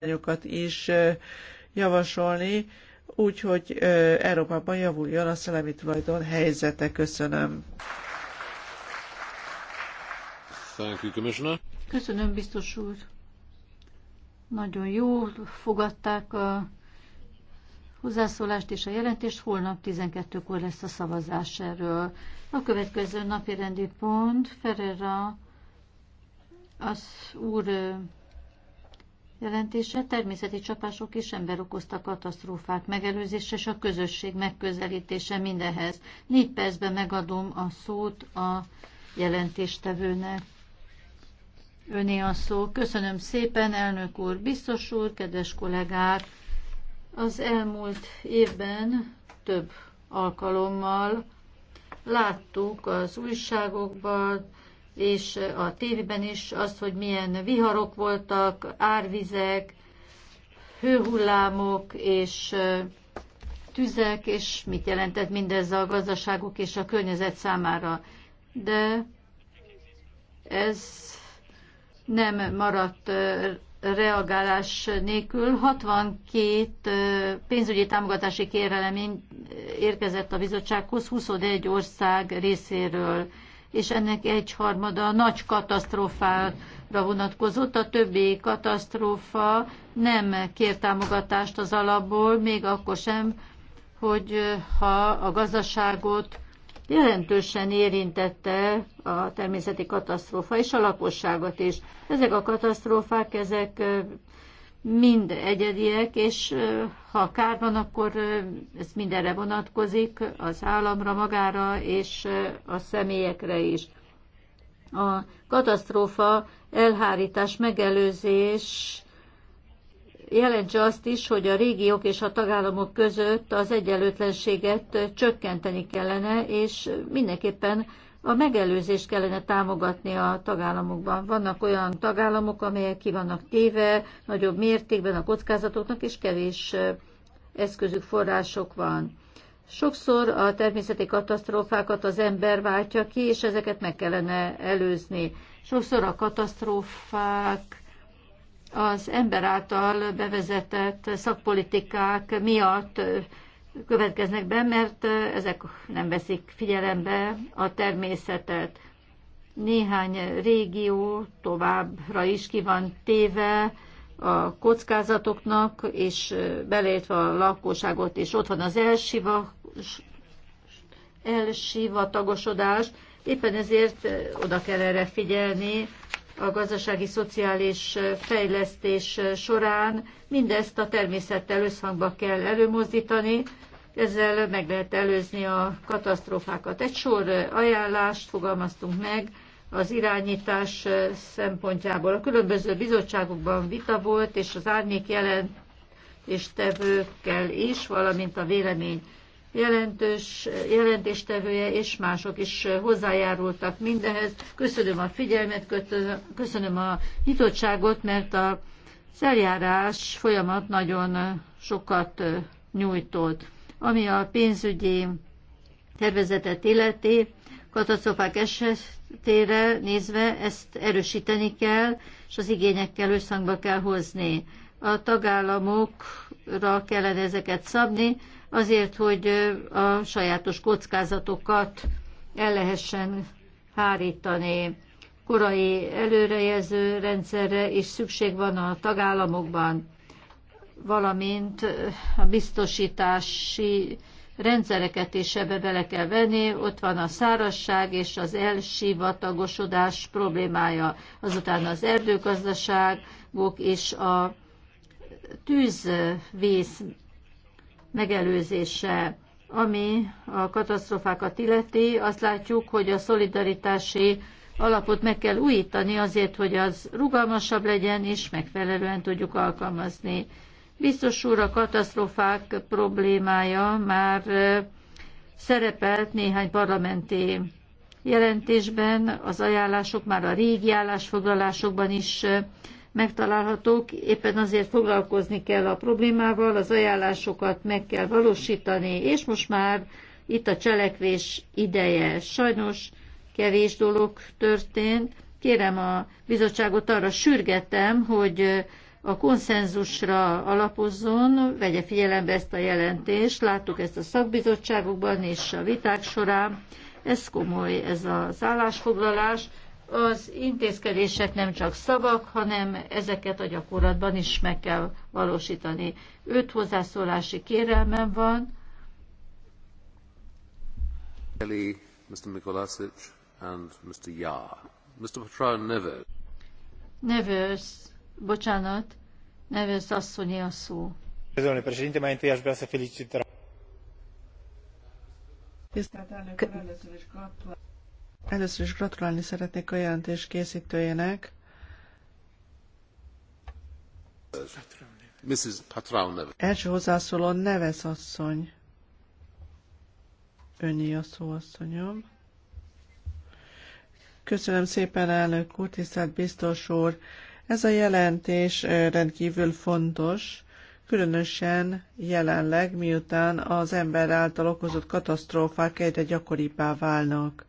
irányokat is javasolni, úgyhogy Európában javuljon a szellemi tulajdon helyzete. Köszönöm. Köszönöm, biztos úr. Nagyon jó, fogadták a hozzászólást és a jelentést. Holnap 12-kor lesz a szavazás erről. A következő napi rendi pont Ferreira az úr jelentése természeti csapások és ember okozta katasztrófák megelőzése és a közösség megközelítése mindehez. Négy percben megadom a szót a jelentéstevőnek. Öné a szó. Köszönöm szépen, elnök úr, biztos úr, kedves kollégák! Az elmúlt évben több alkalommal láttuk az újságokban, és a tévében is az, hogy milyen viharok voltak, árvizek, hőhullámok és tüzek, és mit jelentett mindez a gazdaságok és a környezet számára. De ez nem maradt reagálás nélkül. 62 pénzügyi támogatási kérelem érkezett a bizottsághoz 21 ország részéről és ennek egyharmada nagy katasztrófára vonatkozott. A többi katasztrófa nem kér támogatást az alapból, még akkor sem, hogy ha a gazdaságot jelentősen érintette a természeti katasztrófa és a lakosságot is. Ezek a katasztrófák, ezek mind egyediek, és ha kár van, akkor ez mindenre vonatkozik, az államra, magára és a személyekre is. A katasztrófa elhárítás, megelőzés jelentse azt is, hogy a régiók és a tagállamok között az egyenlőtlenséget csökkenteni kellene, és mindenképpen a megelőzést kellene támogatni a tagállamokban. Vannak olyan tagállamok, amelyek ki vannak téve nagyobb mértékben a kockázatoknak, és kevés eszközük, források van. Sokszor a természeti katasztrófákat az ember váltja ki, és ezeket meg kellene előzni. Sokszor a katasztrófák az ember által bevezetett szakpolitikák miatt következnek be, mert ezek nem veszik figyelembe a természetet. Néhány régió továbbra is ki van téve a kockázatoknak, és beleértve a lakosságot, és ott van az elsiva, elsivatagosodás. Éppen ezért oda kell erre figyelni, a gazdasági szociális fejlesztés során mindezt a természettel összhangba kell előmozdítani, ezzel meg lehet előzni a katasztrófákat. Egy sor ajánlást fogalmaztunk meg az irányítás szempontjából. A különböző bizottságokban vita volt, és az árnyék jelentéstevőkkel is, valamint a vélemény jelentős jelentéstevője és mások is hozzájárultak mindehez. Köszönöm a figyelmet, köszönöm a nyitottságot, mert a eljárás folyamat nagyon sokat nyújtott. Ami a pénzügyi tervezetet illeti, katasztrofák esetére nézve ezt erősíteni kell, és az igényekkel összhangba kell hozni. A tagállamokra kellene ezeket szabni, azért, hogy a sajátos kockázatokat el lehessen hárítani. Korai előrejelző rendszerre is szükség van a tagállamokban valamint a biztosítási rendszereket is ebbe bele kell venni, ott van a szárazság és az elsivatagosodás problémája, azután az erdőgazdaságok és a tűzvész megelőzése, ami a katasztrofákat illeti, azt látjuk, hogy a szolidaritási alapot meg kell újítani azért, hogy az rugalmasabb legyen és megfelelően tudjuk alkalmazni. Biztos úr, a katasztrofák problémája már szerepelt néhány parlamenti jelentésben, az ajánlások már a régi állásfoglalásokban is megtalálhatók, éppen azért foglalkozni kell a problémával, az ajánlásokat meg kell valósítani, és most már itt a cselekvés ideje. Sajnos kevés dolog történt. Kérem a bizottságot arra sürgetem, hogy a konszenzusra alapozzon, vegye figyelembe ezt a jelentést, láttuk ezt a szakbizottságokban és a viták során, ez komoly, ez az állásfoglalás. Az intézkedések nem csak szavak, hanem ezeket a gyakorlatban is meg kell valósítani. Öt hozzászólási kérelmem van. Kelly, Mr. Mikolasic and Mr. Yar. Mr. Patron Nevers. Nevers Bocsánat, Neves asszonyi a szó. Köszönöm, presidente, mai întâi aș vrea să felicit először is, gratulálni szeretnék a jelentés készítőjének. Mrs. Patrao neve. Első hozzászóló nevez asszony. Önnyi a szó asszonyom. Köszönöm szépen, elnök úr, tisztelt biztos úr. Ez a jelentés rendkívül fontos, különösen jelenleg, miután az ember által okozott katasztrófák egyre gyakoribbá válnak.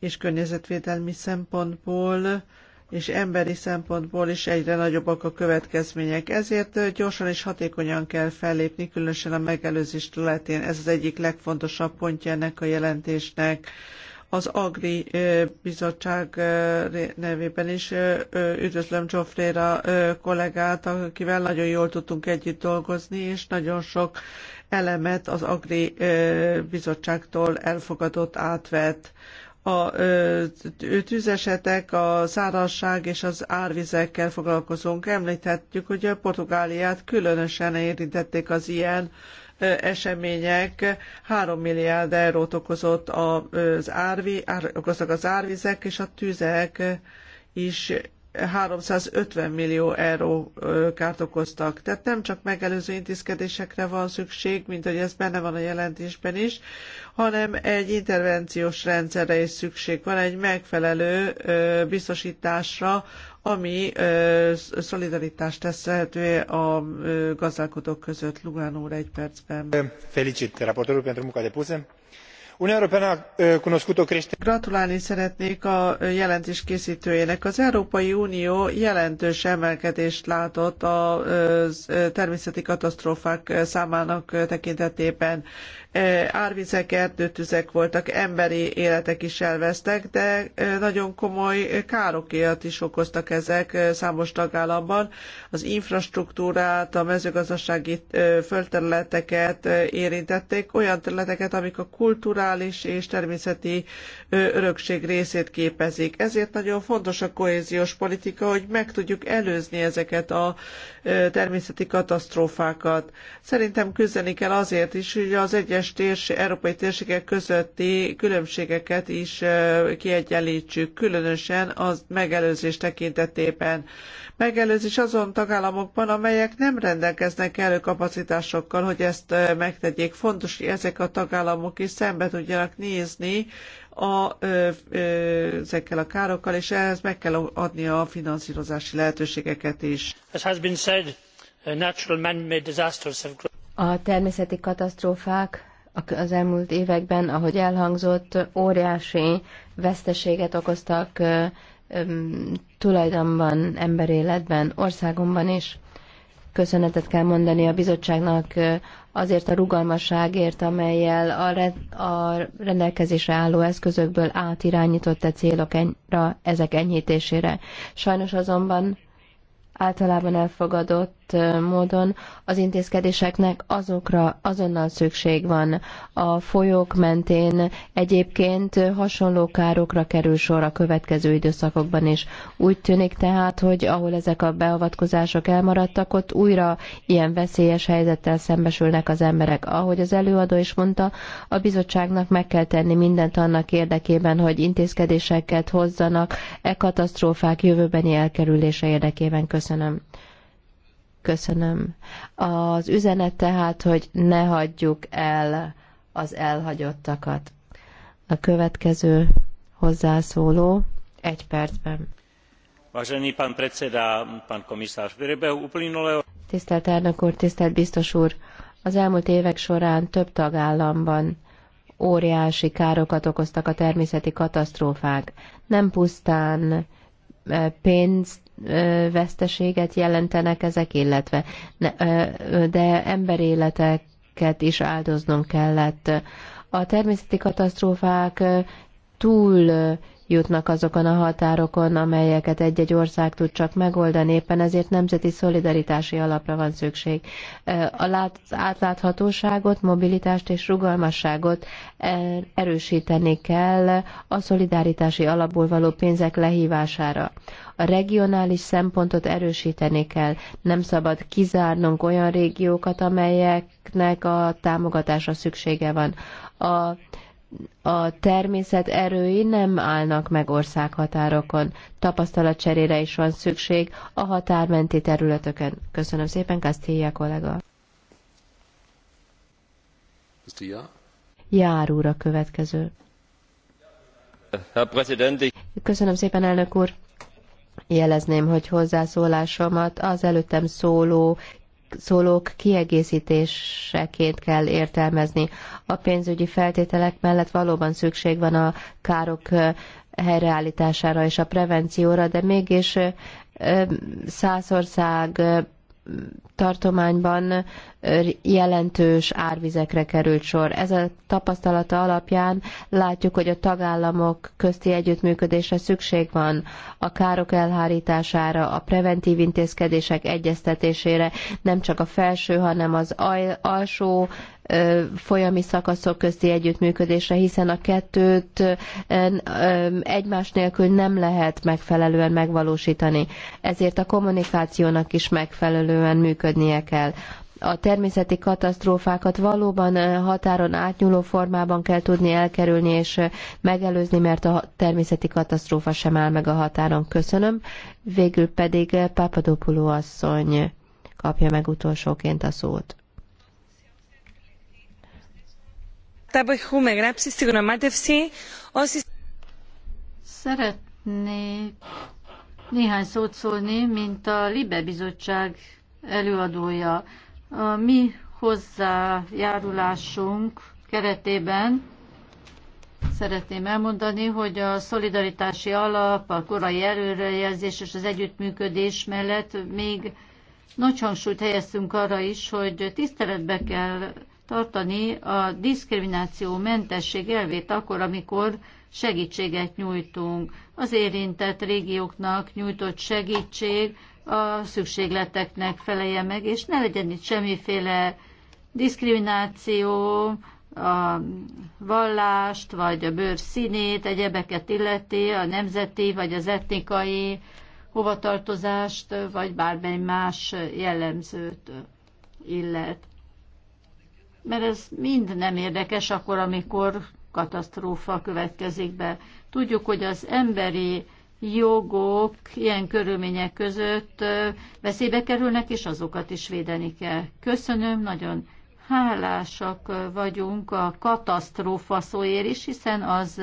És környezetvédelmi szempontból és emberi szempontból is egyre nagyobbak a következmények. Ezért gyorsan és hatékonyan kell fellépni, különösen a megelőzés területén. Ez az egyik legfontosabb pontja ennek a jelentésnek. Az Agri Bizottság nevében is üdvözlöm Csofréra kollégát, akivel nagyon jól tudtunk együtt dolgozni, és nagyon sok elemet az Agri Bizottságtól elfogadott, átvett a tűzesetek, a szárazság és az árvizekkel foglalkozunk. Említettük, hogy a Portugáliát különösen érintették az ilyen események 3 milliárd eurót okozott az árvi, okoztak az árvizek, és a tüzek is 350 millió euró kárt okoztak. Tehát nem csak megelőző intézkedésekre van szükség, mint hogy ez benne van a jelentésben is, hanem egy intervenciós rendszerre is szükség van, egy megfelelő biztosításra, ami szolidaritást tesz lehetővé a gazdálkodók között. Lugán úr egy percben. Felicit raportorul pentru munca depusă Eh, Gratulálni szeretnék a eh, jelentés készítőjének. Az Európai Unió jelentős emelkedést látott a eh, természeti katasztrófák számának tekintetében. Árvizek, erdőtüzek voltak, emberi életek is elvesztek, de nagyon komoly károkat is okoztak ezek számos tagállamban. Az infrastruktúrát, a mezőgazdasági földterületeket érintették, olyan területeket, amik a kultúrát, kulturális és természeti örökség részét képezik. Ezért nagyon fontos a kohéziós politika, hogy meg tudjuk előzni ezeket a természeti katasztrófákat. Szerintem küzdeni kell azért is, hogy az egyes térség, európai térségek közötti különbségeket is kiegyenlítsük, különösen az megelőzés tekintetében. Megelőzés azon tagállamokban, amelyek nem rendelkeznek elő kapacitásokkal, hogy ezt megtegyék. Fontos, hogy ezek a tagállamok is szembe tudjanak nézni a, ö, ö, ezekkel a károkkal, és ehhez meg kell adni a finanszírozási lehetőségeket is. a természeti katasztrófák az elmúlt években, ahogy elhangzott, óriási veszteséget okoztak tulajdonban, emberéletben, országomban is köszönetet kell mondani a bizottságnak azért a rugalmasságért, amelyel a, re- a rendelkezésre álló eszközökből átirányított a e célokra ezek enyhítésére. Sajnos azonban általában elfogadott kiemelt módon az intézkedéseknek azokra azonnal szükség van. A folyók mentén egyébként hasonló károkra kerül sor a következő időszakokban is. Úgy tűnik tehát, hogy ahol ezek a beavatkozások elmaradtak, ott újra ilyen veszélyes helyzettel szembesülnek az emberek. Ahogy az előadó is mondta, a bizottságnak meg kell tenni mindent annak érdekében, hogy intézkedéseket hozzanak e katasztrófák jövőbeni elkerülése érdekében. Köszönöm. Köszönöm. Az üzenet tehát, hogy ne hagyjuk el az elhagyottakat. A következő hozzászóló egy percben. Vážený pán predseda, pán komisár, v priebehu uplynulého... Tisztelt elnök úr, tisztelt biztos úr! Az elmúlt évek során több tagállamban óriási károkat okoztak a természeti katasztrófák. Nem pusztán eh, pénz, veszteséget jelentenek ezek, illetve de emberéleteket is áldoznunk kellett. A természeti katasztrófák túl jutnak azokon a határokon, amelyeket egy-egy ország tud csak megoldani, éppen ezért nemzeti szolidaritási alapra van szükség. A átláthatóságot, mobilitást és rugalmasságot e, erősíteni kell a szolidaritási alapból való pénzek lehívására. A regionális szempontot erősíteni kell. Nem szabad kizárnunk olyan régiókat, amelyeknek a támogatásra szüksége van. A a természet erői nem állnak meg országhatárokon. Tapasztalatcserére is van szükség a határmenti területeken. Köszönöm szépen, Castilla kollega. Castilla? Jár úr a következő. Köszönöm szépen, elnök úr. Jelezném, hogy hozzászólásomat az előttem szóló szólók kiegészítéseként kell értelmezni. A pénzügyi feltételek mellett valóban szükség van a károk helyreállítására és a prevencióra, de mégis százország ország tartományban jelentős árvizekre került sor. Ez a tapasztalata alapján látjuk, hogy a tagállamok közti együttműködésre szükség van a károk elhárítására, a preventív intézkedések egyeztetésére, nem csak a felső, hanem az alsó folyami szakaszok közti együttműködésre, hiszen a kettőt egymás nélkül nem lehet megfelelően megvalósítani. Ezért a kommunikációnak is megfelelően működik működnie kell. A természeti katasztrófákat valóban határon átnyúló formában kell tudni elkerülni és megelőzni, mert a természeti katasztrófa sem áll meg a határon. Köszönöm. Végül pedig Papadopoulou asszony kapja meg utolsóként a szót. Szeretnék néhány szót szólni, mint a Libe Bizottság előadója. A mi hozzájárulásunk keretében szeretném elmondani, hogy a szolidaritási alap, a korai előrejelzés és az együttműködés mellett még nagy hangsúlyt helyeztünk arra is, hogy tiszteletbe kell tartani a diszkrimináció mentesség elvét akkor, amikor segítséget nyújtunk. Az érintett régióknak nyújtott segítség a szükségleteknek feleje meg, és ne legyen itt semmiféle diszkrimináció, a vallást, vagy a bőr színét, egyebeket illeti, a nemzeti, vagy az etnikai hovatartozást, vagy bármely más jellemzőt illet mert ez mind nem érdekes akkor, amikor katasztrófa következik be. Tudjuk, hogy az emberi jogok ilyen körülmények között veszélybe kerülnek, és azokat is védeni kell. Köszönöm, nagyon hálásak vagyunk a katasztrófa szóért is, hiszen az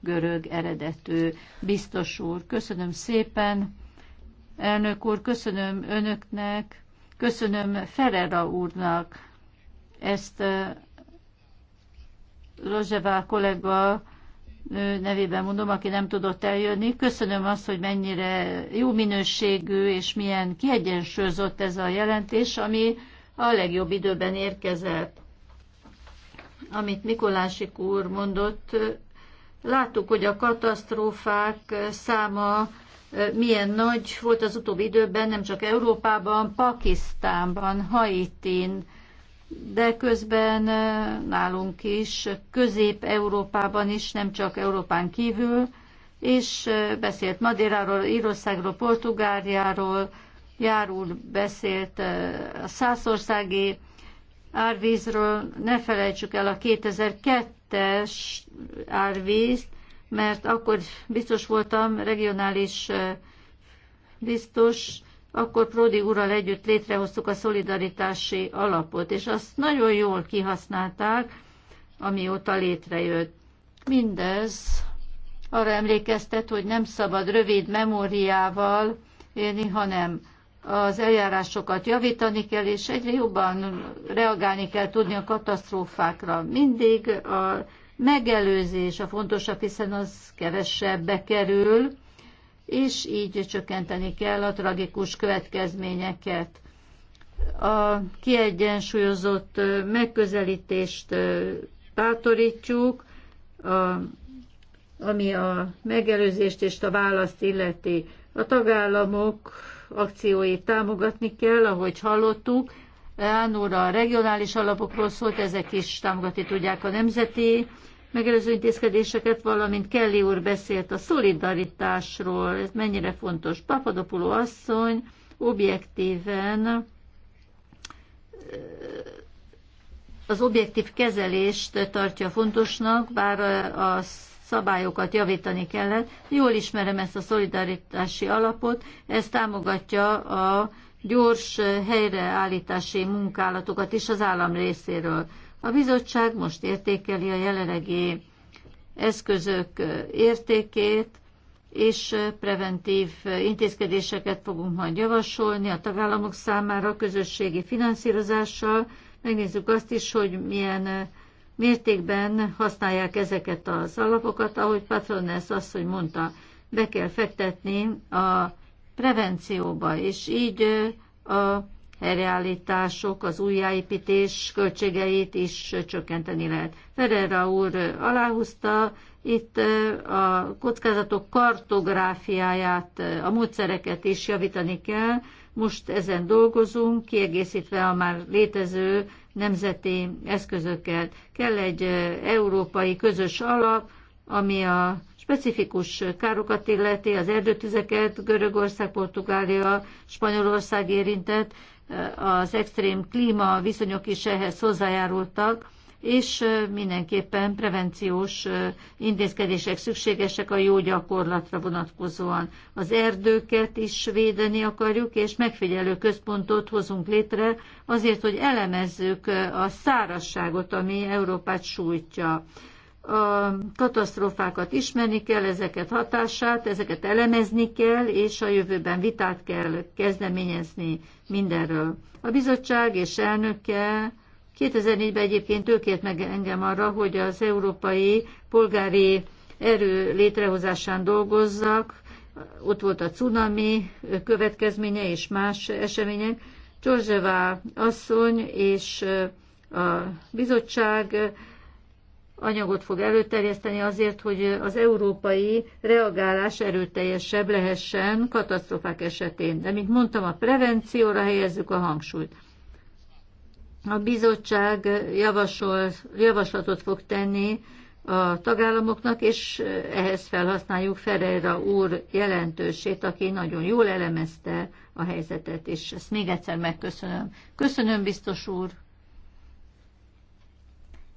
görög eredetű. Biztos úr, köszönöm szépen. Elnök úr, köszönöm önöknek, köszönöm Ferera úrnak ezt Rozsevá kollega nevében mondom, aki nem tudott eljönni. Köszönöm azt, hogy mennyire jó minőségű és milyen kiegyensúlyozott ez a jelentés, ami a legjobb időben érkezett. Amit Mikolásik úr mondott, láttuk, hogy a katasztrófák száma milyen nagy volt az utóbbi időben, nem csak Európában, Pakisztánban, Haitin, de közben nálunk is, Közép-Európában is, nem csak Európán kívül, és beszélt Madéráról, Írországról, Portugáliáról, járul beszélt a szászországi árvízről, ne felejtsük el a 2002-es árvízt, mert akkor biztos voltam regionális biztos, akkor Pródi úrral együtt létrehoztuk a szolidaritási alapot, és azt nagyon jól kihasználták, amióta létrejött. Mindez arra emlékeztet, hogy nem szabad rövid memóriával élni, hanem az eljárásokat javítani kell, és egyre jobban reagálni kell tudni a katasztrófákra. Mindig a megelőzés a fontosabb, hiszen az kevesebbe kerül, és így csökkenteni kell a tragikus következményeket. A kiegyensúlyozott megközelítést bátorítjuk, a, ami a megelőzést és a választ illeti. A tagállamok akcióit támogatni kell, ahogy hallottuk. Án a regionális alapokról szólt, ezek is támogatni tudják a nemzeti megelőző intézkedéseket, valamint Kelly úr beszélt a szolidaritásról, ez mennyire fontos. Papadopuló asszony objektíven az objektív kezelést tartja fontosnak, bár a szabályokat javítani kellett. Jól ismerem ezt a szolidaritási alapot, ez támogatja a gyors helyreállítási munkálatokat is az állam részéről. A bizottság most értékeli a jelenlegi eszközök értékét, és preventív intézkedéseket fogunk majd javasolni a tagállamok számára a közösségi finanszírozással. Megnézzük azt is, hogy milyen mértékben használják ezeket az alapokat, ahogy Patronesz hogy mondta, be kell fektetni a prevencióba, és így a helyreállítások, az újjáépítés költségeit is csökkenteni lehet. Ferreira úr aláhúzta itt a kockázatok kartográfiáját, a módszereket is javítani kell. Most ezen dolgozunk, kiegészítve a már létező nemzeti eszközöket. Kell egy európai közös alap, ami a specifikus károkat illeti, az erdőtüzeket, Görögország, Portugália, Spanyolország érintett, az extrém klíma viszonyok is ehhez hozzájárultak, és mindenképpen prevenciós intézkedések szükségesek a jó gyakorlatra vonatkozóan. Az erdőket is védeni akarjuk, és megfigyelő központot hozunk létre azért, hogy elemezzük a szárasságot, ami Európát sújtja a katasztrófákat ismerni kell, ezeket hatását, ezeket elemezni kell, és a jövőben vitát kell kezdeményezni mindenről. A bizottság és elnöke 2004-ben egyébként őkért meg engem arra, hogy az európai polgári erő létrehozásán dolgozzak, ott volt a cunami következménye és más események. Csorzsevá asszony és a bizottság anyagot fog előterjeszteni azért, hogy az európai reagálás erőteljesebb lehessen katasztrofák esetén. De, mint mondtam, a prevencióra helyezzük a hangsúlyt. A bizottság javasol, javaslatot fog tenni a tagállamoknak, és ehhez felhasználjuk Ferreira úr jelentősét, aki nagyon jól elemezte a helyzetet, és ezt még egyszer megköszönöm. Köszönöm, biztos úr!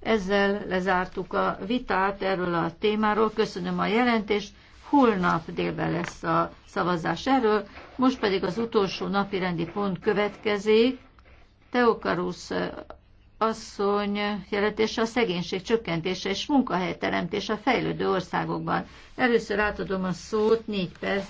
Ezzel lezártuk a vitát erről a témáról. Köszönöm a jelentést. Holnap délben lesz a szavazás erről. Most pedig az utolsó napi rendi pont következik. Teokarusz asszony jelentése a szegénység csökkentése és munkahelyteremtés a fejlődő országokban. Először átadom a szót négy perc.